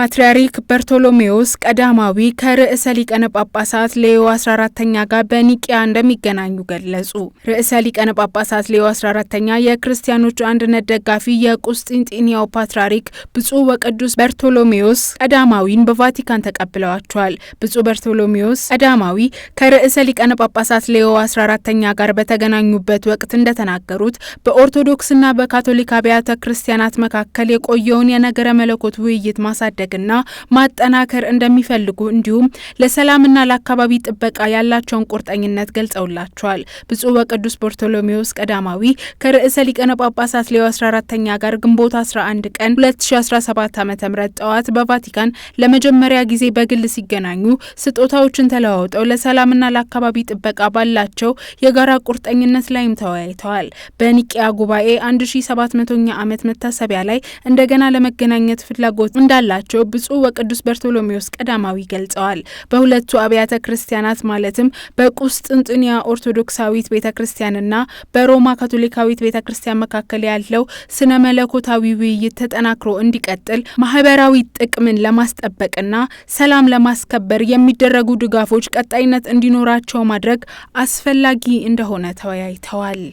ፓትርያርክ በርቶሎሜዎስ ቀዳማዊ ከርዕሰ ሊቀነ ጳጳሳት ሌዮ 14ተኛ ጋር በኒቅያ እንደሚገናኙ ገለጹ። ርዕሰ ሊቀነ ጳጳሳት ሌዮ 14ተኛ የክርስቲያኖች አንድነት ደጋፊ የቁስጥንጢንያው ፓትርያርክ ብፁዕ ወቅዱስ በርቶሎሜዎስ ቀዳማዊን በቫቲካን ተቀብለዋቸዋል። ብፁዕ በርቶሎሜዎስ ቀዳማዊ ከርዕሰ ሊቀነ ጳጳሳት ሌዮ 14ተኛ ጋር በተገናኙበት ወቅት እንደተናገሩት በኦርቶዶክስና በካቶሊክ አብያተ ክርስቲያናት መካከል የቆየውን የነገረ መለኮት ውይይት ማሳደግ ማድረግና ማጠናከር እንደሚፈልጉ እንዲሁም ለሰላምና ለአካባቢ ጥበቃ ያላቸውን ቁርጠኝነት ገልጸውላቸዋል። ብፁዕ ወቅዱስ ቦርቶሎሜዎስ ቀዳማዊ ከርዕሰ ሊቀነ ጳጳሳት ሌዮ 14ተኛ ጋር ግንቦት 11 ቀን 2017 ዓ ም ጠዋት በቫቲካን ለመጀመሪያ ጊዜ በግል ሲገናኙ ስጦታዎችን ተለዋውጠው ለሰላምና ለአካባቢ ጥበቃ ባላቸው የጋራ ቁርጠኝነት ላይም ተወያይተዋል። በኒቅያ ጉባኤ 1700ኛ ዓመት መታሰቢያ ላይ እንደገና ለመገናኘት ፍላጎት እንዳላቸው መሆናቸው ብፁዕ ወቅዱስ በርቶሎሜዎስ ቀዳማዊ ገልጸዋል። በሁለቱ አብያተ ክርስቲያናት ማለትም በቁስጥንጥንያ ኦርቶዶክሳዊት ቤተ ክርስቲያንና በሮማ ካቶሊካዊት ቤተ ክርስቲያን መካከል ያለው ስነ መለኮታዊ ውይይት ተጠናክሮ እንዲቀጥል ማህበራዊ ጥቅምን ለማስጠበቅና ሰላም ለማስከበር የሚደረጉ ድጋፎች ቀጣይነት እንዲኖራቸው ማድረግ አስፈላጊ እንደሆነ ተወያይተዋል።